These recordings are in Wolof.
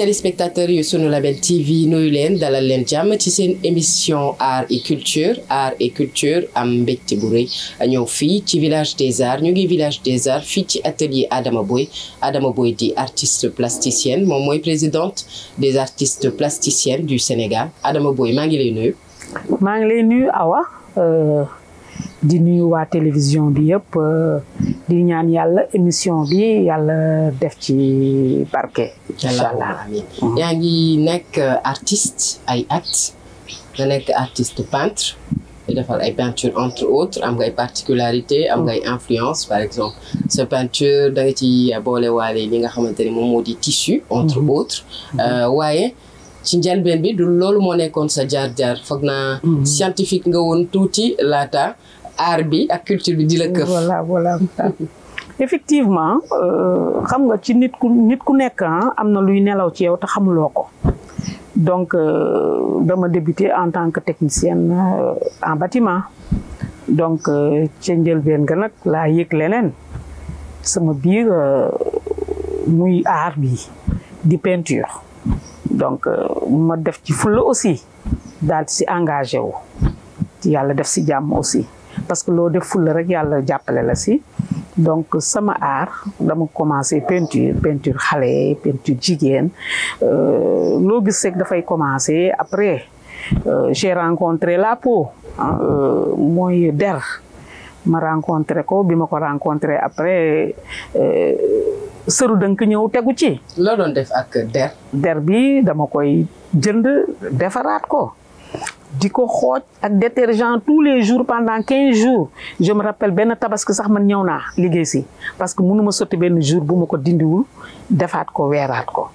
téléspectateurs yu sunu label TV nuyu leen dalal leen jàmm ci seen émission art et culture art et culture am mbégte bu rëy ñëw fii ci village des arts ñu ngi village des arts fii ci atelier Adama Boy Adama Boy di artiste plasticienne moom mooy présidente des artistes plasticiennes du Sénégal Adama Boy maa ngi lay nuyu. maa ngi lay nuyu Awa euh, di nuyu waa télévision bi yëpp. Euh, di ñaan yàlla émission bi yàlla def ci barke. incha allah mm-hmm. yaa ngi nekk euh, artiste ay at nga nekk artiste peintre. di defal ay peinture entre autres am nga ay particularité am nga ay mm-hmm. influence par exemple sa peinture da nga ci boole waale li nga xamante ni moom moo di tissu entre mm-hmm. autres euh, waaye ci njëlbeen bi du loolu moo nekkoon sa jaar-jaar foog naa scientifique nga woon tuuti laata art bi ak culture bi di la këf. voilà voilà. effectivement euh, xam nga ci nit ku nit ku nekk ah, am na luy nelaw ci yow ta xamuloo ko donc euh, dama débuté en tant que technicienne euh, en bâtiment donc ca njëlbeen ga nag laa yëg leneen sama biir muy art bi di peinture donc ma def ci fulla aussi daal di si engagé wu yàlla def si jàmm aussi parce que loo def fulla rek yàlla jàppale la si donc sama aar dama commencé peinture peinture xale peinture jigéen euh, loo gis rek dafay commencé après euh, j'ai rencontré la peau euh, mooy der ma rencontré ko bi ma ko rencontré après sëru dënk ñëw tegu ci. loo doon def ak bi dama koy jënd defaraat ko. di ko xooj ak détergent tous les jours pendant quinze jours je me rappelle benn tabaski sax man ñëw naa liggéey si parce que ma sotti benn jour bu ma ko dindiwul defaat ko weeraat ko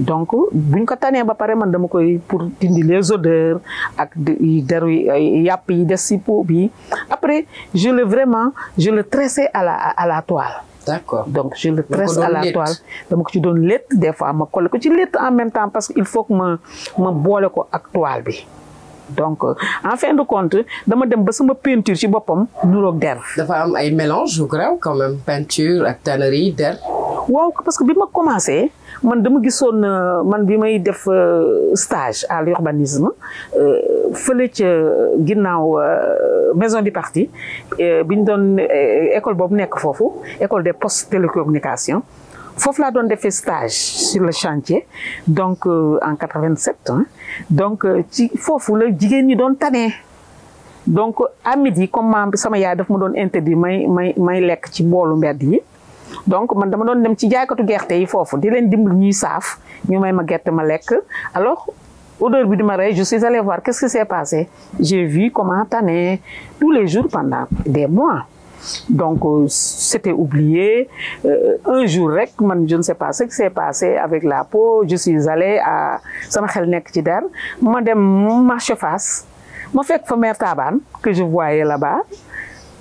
donc buñ ko tanee ba pare man dama koy pour dindi les odeurs ak deru yàpp yi des si peau bi après je le vraiment je le tressais à la la toile D'accord. Donc, je le tresse à la toile. ko ci donnes lait des fois. Je colle que tu en même temps parce qu'il faut que je boole ko avec la toile. donc en de compte dama dem ba sama peinture ci boppam nuroog der. dafa am ay mélange yu graw quand même peinture ak der. waaw parce que bi ma commencé man dama gisoon euh, man bi may def euh, stage à l'urbanisme euh, fële ca ginnaaw maison du parti bi ñu doon école boobu nekk foofu école des post télécommunications. foofu laa doon defee stage sur le chantier donc euh, en 87 donc euh, ci foofu la jigéen ñi doon tane donc à midi comme sama yaay daf ma doon interdit may may may lekk ci boolu mbedd yi donc man dama doon dem ci jaaykatu gerte yi foofu di leen dimbali ñuy saaf ñu may ma gerte ma lekk alors odeur bi di ma rey je suis allée voir qu'est-ce qui s'est passé j'ai vu comment tane tous les jours pendant des mois donc euh, c'était oublié euh, un jour rek man je ne sais pas ce qui s'est avec la peau je suis allée à sama xel nekk ci dara ma dem marché face ma fekk fa mère Tabane que je voyais là-bas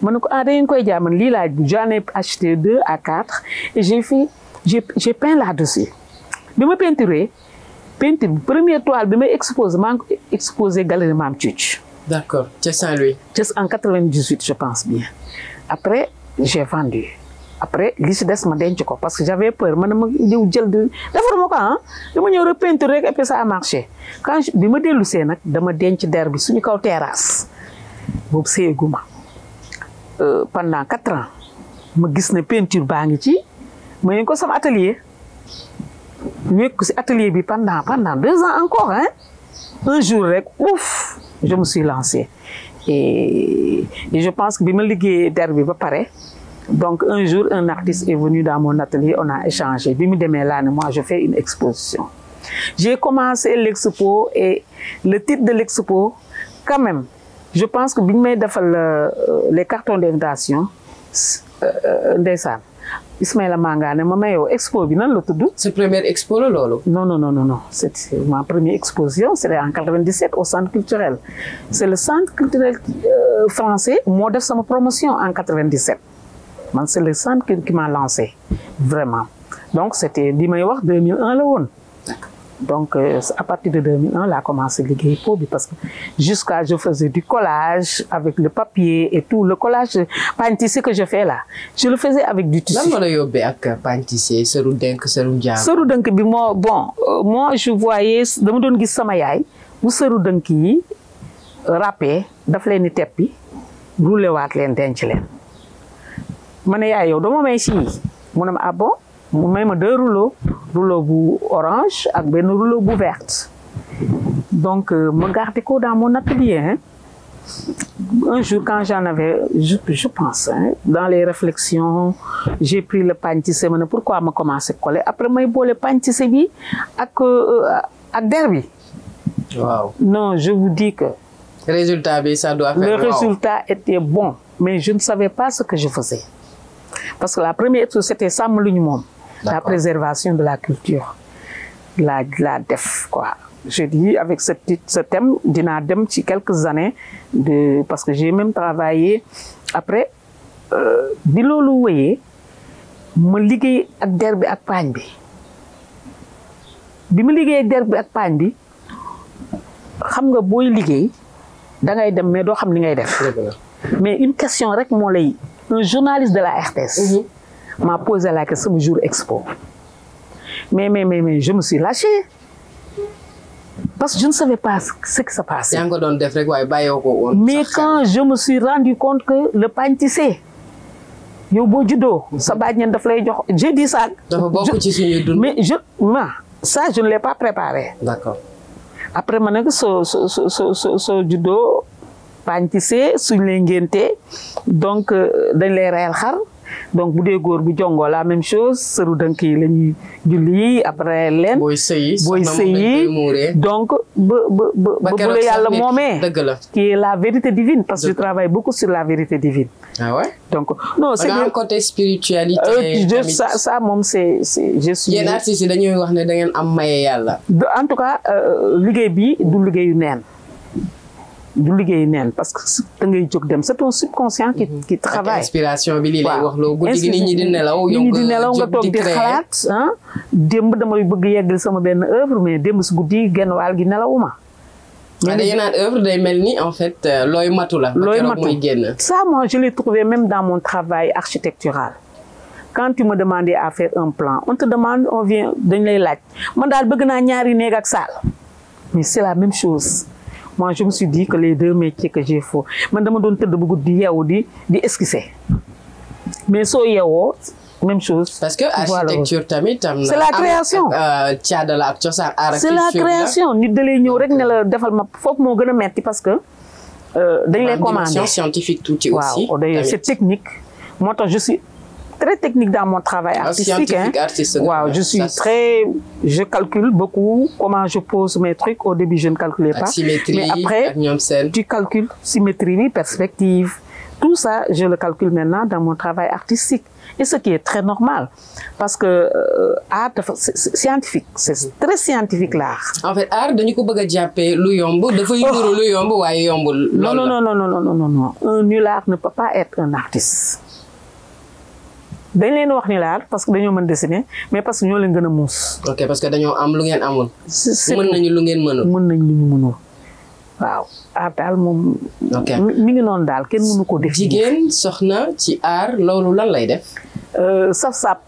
ma ne ko ah da koy jaaman lii laa j'en ai acheté deux à quatre et j'ai fait j'ai j'ai peint là-dessus bi ma peinturé peinture première toile bi may exposé maa ngi ko exposé galerie Mame Cuuc D'accord, c'est Saint-Louis. En 98, je pense bien. Après, j'ai vendu. après li si des ma denc ko parce que j'avais peur man ma ñëw jël di defaruma ko ah dama ñëw repeindre rek et puis marché quand bi ma dellu see nag dama denc der bi suñu kaw terrasse boobu seeguma euh, pendant quatre ans ma gis ne peinture baa ngi ci ma yëngu ko sama atelier ñu ko si atelier bi pendant pendant deux ans encore hein un jour rek ouf je me suis lancée et, et je pense que bi ma liggéeyee der bi ba pare donc un jour un artiste est venu dans mon atelier on a échangé bi mu demee laa ne moi je fais une exposition j'ai commencé l'expo et le titre de l'expo quand même je pense que bi ñu may defal euh, les cartons d'invitation euh, euh, ndeysaan Ismaïla Mangane ma mayoo expo bi nan la tudd. sa première expo la loolu. non non non non c' est ma première exposition c' est en 97 au centre culturel c' le centre culturel euh, français moo def sama promotion en 97 man c' est le centre qui m'a lancé vraiment donc c' était li may wax 2001 la woon. donc euh, à partir de 2001 laa commencé liggéey peau bi parce que jusqu'à je faisais du collage avec le papier et tout le collage pagne tissé que je fais là je le faisais avec du tissu. lan la yóbbee ak pagne tissé sëru dënk sëru njaam. sëru dënk bi moo bon euh, moi je voyais dama doon gis sama yaay bu sëru dënk yi euh, râpé daf leen di teppi roulewaat leen denc leen ma yaay yow dama may si mu ne ah mu may ma deux rouleaux rouleau bu orange ak benn rouleau bu verte donc euh, ma garder ko dans mon atelier hein. un jour quand j'en avais je, je pense hein, dans les réflexions j'ai pris le pagne tissé ma ne pourquoi ma commencé kole après may boole pagne tissé bi ak euh, ak der bi waaw non je vous dis que résultat bi ça doit faire le wow. était bon mais je ne savais pas ce que je faisais parce que la première chose c'était sàmm lu ñu moom la préservation de la culture la la def quoi je avec ce petit ce dinaa dem ci quelques années parce que j'ai même travaillé après euh, bi loolu wéyee ma liggéey ak der bi ak paañ bi bi ma liggéey der bi ak paañ bi xam nga booy liggéey da ngay dem mais doo xam ni ngay def mais une question rek moo lay un journaliste de la RTS mm-hmm. m'a posé la question jour expo. Mais, mais, mais, mais, je me suis lâchée. Parce que je ne savais pas ce qui se passait. Mais quand je me suis rendu compte que le pain tissé, yow boo juddoo sa bàjjen daf lay jox j'ai dit ça. dafa bokk mais je ma ça je ne l'ai pas préparé. après ma ne ko soo soo soo soo soo juddoo suñ lay ngénte donc euh, dañ lay reyal xar. donc bu dee góor bu jongoo la même chose sëru dënk yi la ñuy julli après leen. booy sëyi booy sëyi donc ba ba ba bu la yàlla moomee. dëgg la qui est la vérité divine. parce que je travaille beaucoup sur la vérité divine. ah ouais donc non c' est. le côté spiritualité. Euh, tamit moom c' est c' est je suis. yi dañuy wax ne da ngeen am maye yàlla. en tout cas euh, liggéey bi du liggéeyu neen. du liggéey neen parce que da ngay jóg dem c'est on subconscient qui qui bi lii lay wax loo guddi gi nit ñi di nelaw ñi di nelaw nga toog di xalaat ah démb damay bëgg yeggal sama benn œuvre mais démb si guddi genn waal gi nelawuma mais ah, dañu day mel ni en fait euh, looy matu la looy matu mooy génn ça même dans mon travail architectural quand tu me demandais à on demande on vient dañ lay laaj man daal bëgg naa ñaari neeg ak salle mais c'est la même chose moi je me suis dit que les deux métiers que j'ai faux man dama doon tëdd bu di yeewu di di esquisser mais soo yeewoo même chose. parce que architecture tamit am na. c'est la création euh, la ak cosaan c'est la création ni da lay ñëw rek ne la defal ma foofu moo gën a metti parce que. Euh, dañ lay commandé dimension scientifique tuuti aussi. technique moo tax je très technique dans mon travail artistique. Hein. Wow, je suis ça, très, je calcule beaucoup comment je pose mes trucs. Au début, je ne calculais pas. Mais après, tu calcules symétrie, perspective. Tout ça, je le calcule maintenant dans mon travail artistique. Et ce qui est très normal, parce que euh, art c'est scientifique, c'est très scientifique l'art. En fait, art, dañu ko bëgg a jàppee lu yomb dafa yomb lu yomb waaye yombul. Non non non non non non non non un nul art ne peut pas être un artiste. dañ leen wax ni laal parce que dañoo mën dessiner mais parce que ñoo leen gën a muus. ok am lu ngeen amul. mën nañu lu ngeen mënul. mën nañ lu ñu mënul waaw aar daal moom. ok mi ngi noonu daal kenn mënu ko def. jigéen soxna ci aar loolu lan lay def. Euh, saf sap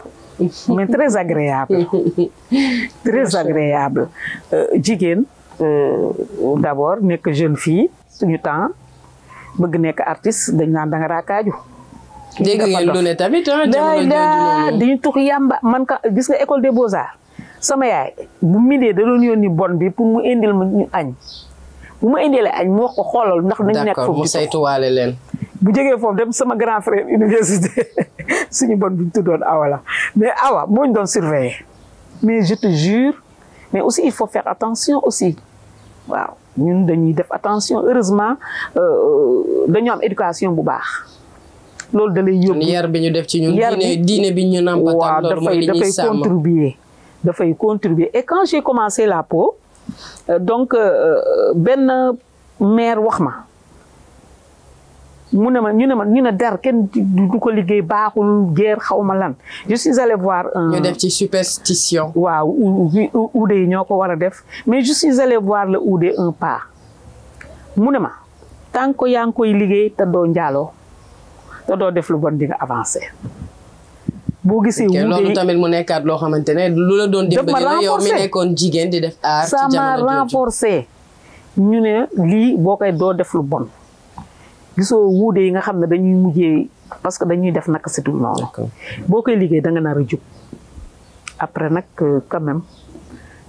mais très agréable. très agréable euh, jigéen euh, d'abord nekk jeune fille suñu temps bëgg nekk artiste dañ naan da raakaaju. dégg ngeen lu ne tamit ah. jamono dañu tux yàmba man ka gis nga école des beaux arts sama yaay bu midee da doon yónni bon bi pour mu indil ma ñu añ bu ma indilee añ mu wax ko xoolal ndax nañu nekk foofu mu leen. bu jógee foofu dem sama grand frère université suñu bon bi ñu tuddoon awa la mais awa moo ñu doon surveiller mais je te jure mais aussi il faut faire attention aussi waaw ñun dañuy def attention heureusement euh, dañoo am éducation bu baax. loolu da lay yóbbu yar bi ñu def ci ñun diine diine bi ñu nampatal waaw dafay dafay contribuer dafay contribuer et quand j'ai commencé la peau euh, donc euh, benn maire wax ma mu ne ma ñu ne ma ñu ne der kenn du ko liggéey baaxul geer xaw ma lan je voir un. ñu def ci superstition. waaw uude ñoo ko war a def mais je suis allée voir le uude un pas mu ne ma tant yaa ngi koy liggéey te doo njaaloo te doo def lu bon di nga avancer. boo gisee wuute tamit mu nekkaat loo xamante ne lu la doon dimbali la yow mi nekkoon jigéen di def aar ci jamono jooju ñu ne lii boo koy doo def bon gisoo wuude yi nga xam ne dañuy mujjee parce que dañuy def naka situl noonu boo koy liggéey da nga nar a jub après nag euh, quand même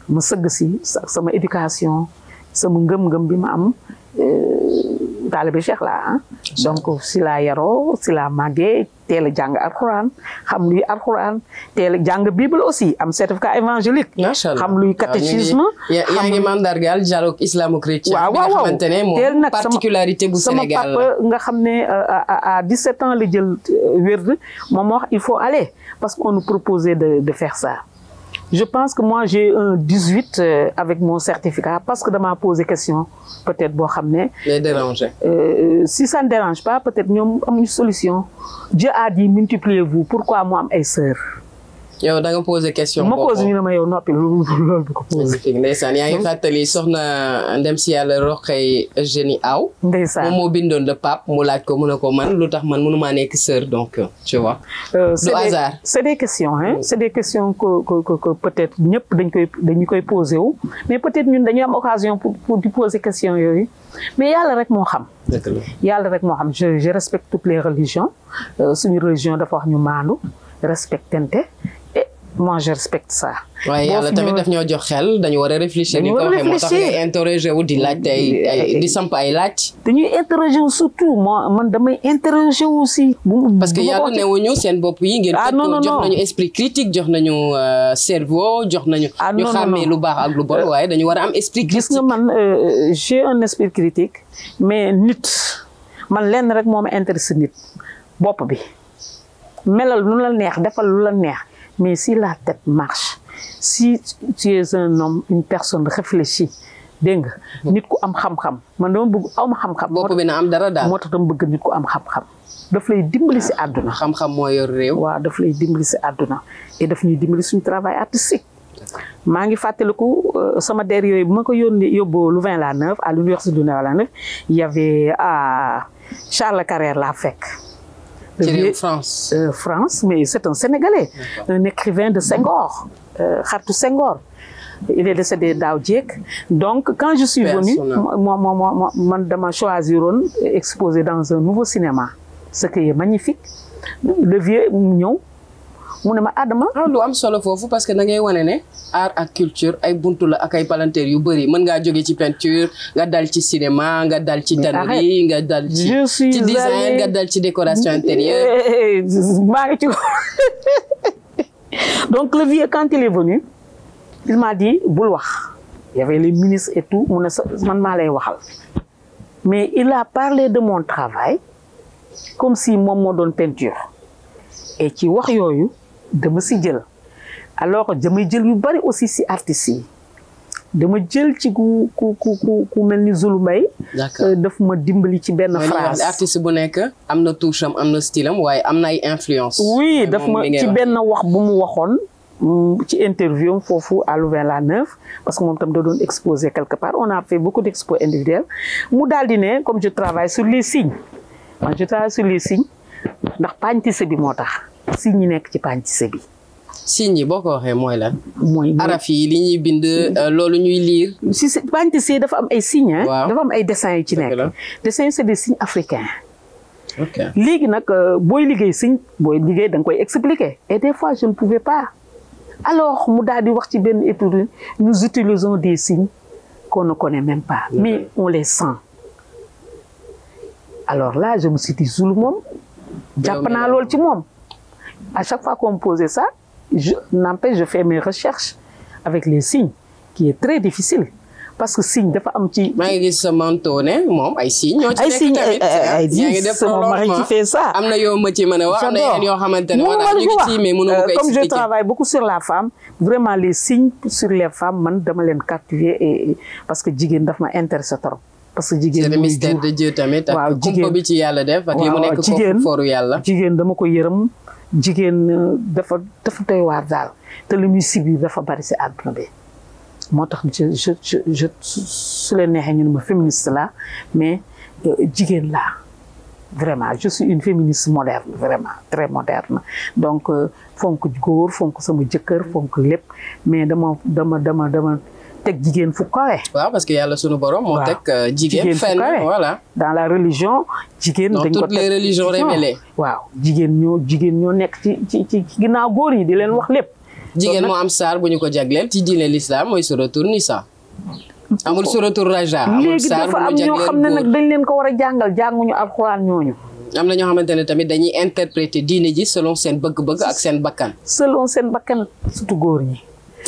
ma sëgg si sama éducation sama ngëm-ngëm bi ma am euh, taalibe Cheikh laa ah donc si laa yaroo si laa màggee teel a jàng alxuraan xam luy alxuraan teel a jàng bible aussi am certificat évangélique xam luy ah, catéchisme yaa ngi mandargaal dialogue islamo-chrétien waaw waaw waaw xamante nag sama papa nga xam ne euh, à dix-sept ans la jël euh, wérd moom il faut aller parce qu'on nous proposait de de faire ça Je pense que moi, j'ai un 18 euh, avec mon certificat parce que de m'a posé question, peut-être, bon, Les déranger. Euh, euh, si ça ne dérange pas, peut-être, nous avons une solution. Dieu a dit, multipliez-vous. Pourquoi moi, mes sœurs yow da nga question. ma posé ñu ne ma yow noppi loolu loolu du ko posé. yaa ngi fàttali soxna ndem si yàlla Roqay Eugénie Aw. ndeysaan moom moo bindoon le pape mu laaj ko mu ne ko man lu tax man mënu maa nekk sœur donc tu vois. Euh, du hasard des questions hein mm. c' est des questions que que être ñëpp dañ koy dañu koy posé wu. mais peut être ñun dañu am occasion pour pour di poser question yooyu mais yàlla rek moo xam. yàlla rek moo xam je je respecte toutes les religions euh, suñu religion dafa wax ñu maandu respectante. moi je respecte ça. waaye yàlla tamit daf ñoo jox xel dañu war a réfléchir. ni ko waxee wu di laaj tey eh, di ay laaj. dañuy interroger wu surtout man damay interroger wu si. parce que yàlla newuñu seen bopp yi ngeen. ah jox nañu esprit jox nañu cerveau jox nañu. ah ñu lu baax ak lu bon euh, waaye dañu war a am esprit gis nga man euh, j'ai un esprit critique mais nit man lenn rek moo ma intéresse nit bopp bi melal lu la neex defal lu la neex. Mais si la tête marche, si tu es un homme, une personne réfléchie, dégg nga nit ku am xam-xam man dama bëgg aw ma xam-xam. am dara daal moo tax dama bëgg nit ku am xam-xam. daf lay dimbali si àdduna. Ah, xam-xam moo yor réew. waaw daf lay dimbli si àdduna. et daf ñuy dimbli suñu travail artistique. maa ngi fàttaliku euh, sama der yooyu bu ma ko yónnee yóbbu Louvain-la-Neuve à l'université de Louvain-la-Neuve y avait ah, Charles Carrère laa fekk. de France. Euh, France, mais c'est un Sénégalais, un écrivain de Senghor, euh, Khartou Senghor. Il est décédé d'Audjek. Donc, quand je suis venue, moi, moi, moi, moi, moi choisi exposé dans un nouveau cinéma, ce qui est magnifique. Le vieux Mignon, mu ne ma Adama. ah lu am solo foofu parce que da ngay wane ne art ak culture ay buntu la ak ay palanteer yu bëri mën ngaa jóge ci peinture nga dal ci cinéma nga dal ci tannerie nga dal ci ci nga dal ci décoration eh, intérieure. Eh, maa ngi ci donc le vieux quand il venu il m'a dit bul wax y avait les et tout mu man maa lay waxal mais il a parlé de mon travail comme si moom moo doon peinture et ci wax yooyu. dama si jël alors damay jël yu bari aussi si artistes yi dama jël ci ku ku ku mel ni Zulu Mbaye. Euh, daf ma dimbali ci benn phrase. bu nekk am na touche am na style am waaye am na ay influence. oui daf ma ci benn wax bu mu waxoon. Mm, ci interview am foofu à Louvain-la-Neuve parce que moom tam da doon exposé quelque part on a fait beaucoup d' expos individuels mu daal di ne comme je travaille sur les signes man je travaille sur les signes ndax paañ tisse bi moo tax. signe yi nekk ci pànc së bi signe yi boo ko waxee mooy lan mooy araf yi li ñuy bind euh, loolu ñuy liir si pànc së dafa am ay signe dafa am ay dessin yu ci nekk dessin c'est des signes africains léegi nag euh, booy liggéey signe booy liggéey da nga koy expliquer et des fois je ne pouvais pas alors mu daal di wax ci benn étude nous utilisons des signes qu'on ne connaît pas mais on les sent alors là je me suis dit moom jàpp naa loolu ci moom À chaque fois qu'on me posait ça, n'empêche, je fais mes recherches avec les signes, qui est très difficile. parce que signe dafa am ci. maa ngi gis sa manteau ne moom ay signes. ñoo ci nekk tamit ay signes sama mari qui fait ça. am na yoo ma ci mën a wax am yoo xamante ne voilà ñu ngi ci mais mënu ma ko expliquer. comme je travaille la femme vraiment les signes sur les femmes man dama leen captiver parce que jigéen daf ma intéressé trop. parce que jigéen muy mystère de Dieu tamit. waaw bi ci yàlla def. ak li mu yàlla. jigéen dama ko yërëm. jigéen euh, dafa dafa doy waar daal te lu muy subir dafa bari si àdduna bi moo tax je je je su leen neexee ñu ne ma féministe la mais euh, jigéen laa vraiment je une féministe moderne vraiment très moderne donc euh, fonk góor fonk sama jëkkër fonk lépp mais dama dama dama dama teg jigéen fu kawe. waaw parce que yàlla sunu borom. moo teg euh, jigéen fenn voilà. dans la religion. jigéen dañ ko teg waaw jigéen ñoo jigéen ñoo nekk ci ci ci ginnaaw góor yi di leen wax lépp. jigéen moo am saar bu ñu ko jagleel ci diine l'islam mooy suratul Nisa. amul suratul Raja amul saar bu ñu léegi dafa am ñoo xam ne nag dañ leen ko war a jàngal jànguñu alxuraan ñooñu. am na ñoo xamante ne tamit dañuy interpréter diine ji selon seen bëgg-bëgg ak seen bakkan. selon seen bakkan surtout góor ñi.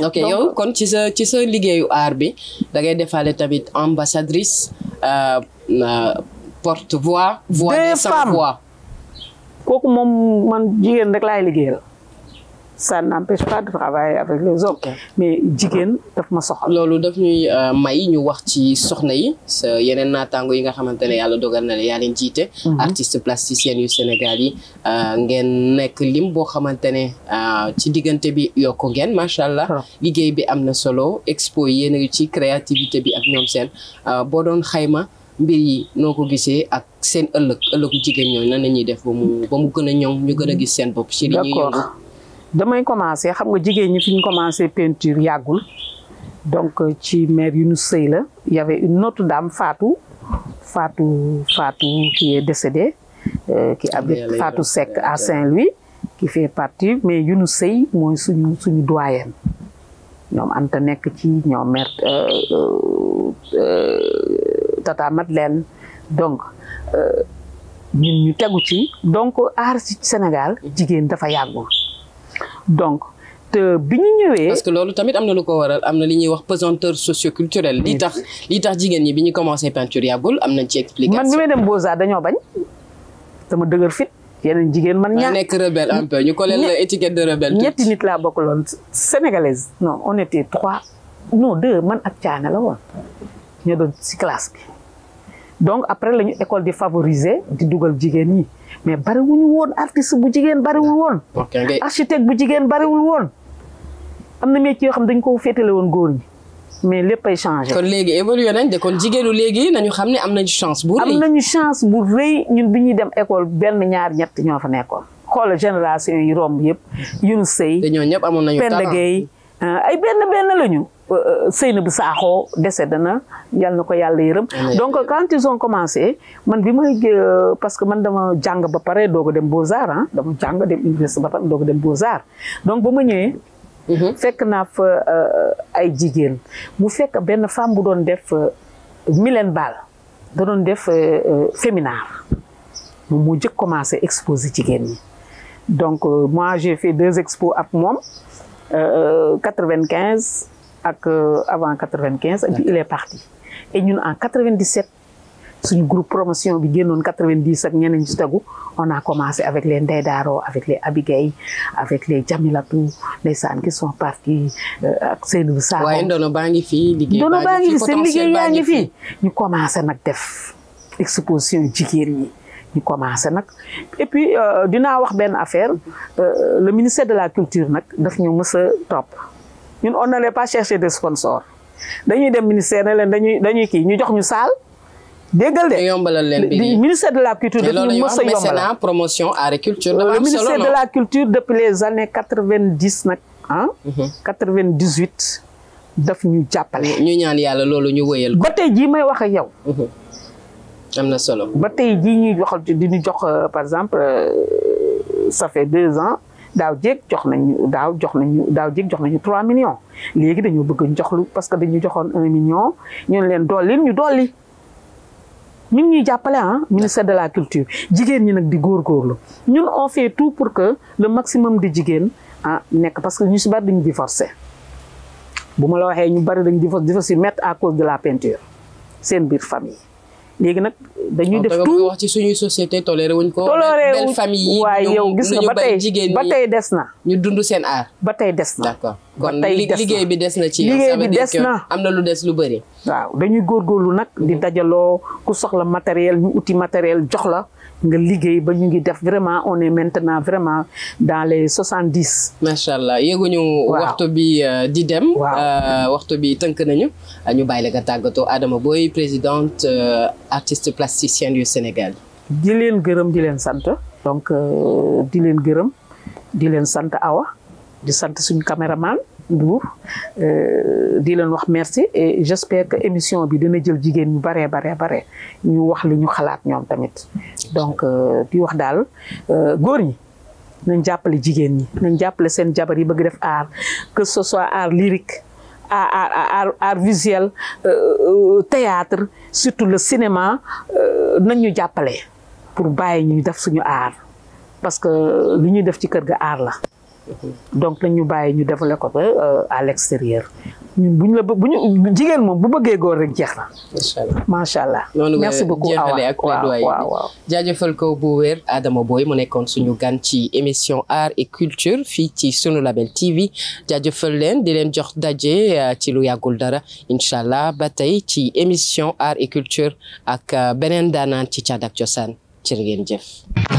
ok yow kon ci sa ci sa liggéeyu aar bi da ngay defaale tamit ambassadrice euh, euh, porte-voix voix des sans kooku moom man jigéen rek laay liggéeyal ça n'empêche pas de travailler avec les hommes. mais jigéen daf ma soxal. loolu daf ñuy euh, may ñu wax ci soxna yi sa yeneen naataango yi nga xamante ne yàlla dogal na la yaa leen jiite. Mhm. artiste plasticienne yu Sénégal yi euh, ngeen nekk lim boo xamante ne euh, ci diggante bi yokk ngeen macha allah. liggéey bi am na solo expo yéen a ci créativité bi ak ñoom seen boo doon xayma. mbir yi noo ko gisee ak seen ëllëg ëllëgu jigéen ñooñu nan la ñuy def ba mu ba gën a ñoŋ ñu gën a gis seen bopp. ci li ñuy damay commencé xam nga jigéen ñi fi ñu commencé peinture yàggul donc euh, ci maire yu nu sëy la y avait une autre dame Fatou Fatou Fatou qui est décédée euh, qui habite Seck à Saint-Louis qui fait parti mais yu nu sëy mooy suñu suñu doyen ñoom Anta nekk ci ñoom maire euh, euh, Tata leen donc ñu tegu ci donc aar ci Sénégal jigéen dafa yàggul donc te bi ñu ñëwee. parce que loolu tamit am na lu ko waral am na li ñuy wax pesanteur socioculturelle. lii tax lii tax jigéen ñi bi ñu commencé peinture yàggul am nañ ci explication. man bi may dem Beaux-Arts bañ dama dëgër fit yeneen jigéen man. ñaar nekk rebelle un ñu ko leen la étiquette de rebelle. ñetti nit laa bokkaloon sénégalaise. non on était trois non man ak caane la woon ñoo doon si classe bi donc après la ñu école di favoriser di dugal jigéen ñi. mais bariwuñu woon artiste bu jigéen bariwul woon. architecte bu jigéen bariwul woon. am na métier yoo xam dañ ko féetale woon góor ñi mais lépp ay changé. kon léegi évolué nañ de jigéenu léegi nañu xam ne am nañu chance bu am nañu chance bu rëy ñun bi ñuy dem école benn ñaar ñett ñoo fa nekkoon. xoolal génération yi romb yëpp. yu nu sëy. te ñooñu ñëpp amoon nañu talent ah, ay benn benn lañu. Euh, Seynabou Sakho décédé na yal na ko yàlla yërëm donc quand ils commencé man bi may euh, parce que man dama jàng ba pare doog a dem Beaux-Arts ah dama jàng dem dem Beaux-Arts donc ba ma ñëwee mm-hmm. fekk naa fa euh, ay jigéen mu fekk benn femme bu doon def Mylène Bal da doon def séminaire moom moo jëkk commencé exposé jigéen ñi donc moi j'ai fait deux expos ak moom quatre-vingt-quinze ak euh, avant quatre-vingt-quinze et puis il est parti et ñun en quatre-vingt-dix-sept suñu groupe promotion bi génnoon quatre-vingt-dix ak ñeneen ci tagu on a commencé avec les Ndeye Daro avec les Abigay avec les Jamilatou ndeysaan qui sont partis euh, ak Seydou Sakho. waaye ndono baa ngi fi liggéey baa ngi fi seen liggéey yaa ngi fi. ñu commencé nag def exposition jigéen ñi ñu commencé nag et puis euh, dinaa wax benn affaire le ministère de la culture nag daf ñu mës a topp. ñun on n'allait pas chercher des sponsors dañuy dem ministère ne leen dañuy dañuy kii ñu jox ñu saal. déggal de yombalal leen bi ministère de la culture. daf a yombalal promotion agriculture. le ministère la culture depuis les années quatre vingt dix nag ah. Mhm. quatre vingt dix ñu jàppale. ñu ñaan yàlla loolu ñu woyeel ba tey jii may wax ak yow. Mhm. am na solo ba tey jii ñuy waxal di ñu jox euh, par exemple euh, ça fait deux ans daaw jéeg jox nañu daaw jox nañu daaw jéeg jox nañu trois millions léegi dañoo bëgg a joxlu parce que dañu joxoon un million ñu ne leen dolli ñu dolli ñun ñuy jàppale ah ministère de la culture jigéen ñi nag di góor góorlu ñun on fait tout pour que le maximum di jigéen ah nekk parce que ñu si bari dañu divorcé bu ma la waxee ñu bari dañu divorcé divorcé mettre à cause de la peinture seen biir famille léegi nag dañuy def tout wax ci suñuy société toléré wuñ ko toléré wuñ famille yi waaye yow gis nga ba tey ba tey des na ñu dund seen aar ba tey des na d'accord kon liggéey bi des na ci liggéey bi des na am na lu des lu bëri waaw dañuy góorlu nag di mhm. dajaloo ku soxla matériel ñu uti matériel jox la nga liggéey ba ñu ngi def vraiment on est maintenant vraiment dans les soixante dix. macha allah yéeguñu. waaw waxtu bi euh, di dem. waaw euh, waxtu bi tënk nañu. ñu bàyyi la nga tàggatoo Adama Boye présidente euh, artiste plasticienne du Sénégal. di leen gërëm di leen sant. donc di leen gërëm di leen sant Awa di sant suñu caméraman. Ndour euh, di leen wax merci et j'espère que émission bi dina jël jigéen ñu baree baree bare ñu wax lu ñu xalaat ñoom tamit donc euh, di wax daal euh, góor ñi nañ jàppale jigéen ñi nañ jàppale seen jabar yi bëgg def art que ce soit art lyrique art art art visuel théâtre surtout le cinéma nañ ñu jàppale pour bàyyi ñuy def suñu aar parce que lu ñuy def ci kër ga art la donc ñu bàyyi ñu développé ko ba euh, à l' extérieur. la bu ñu jigéen moom bu bëggee góor rek jeex na. macha allah macha allah. merci beaucoup ak jaajëfal ko bu wér. Adama Boye mu nekkoon suñu gan ci émission art et culture fii ci sunu label TV jaajëfal leen di leen jox daje euh, ci lu yàggul dara incha allah ba tey ci émission art et culture ak euh, beneen daanaan ci caada ak cosaan jërë ngeen jëf.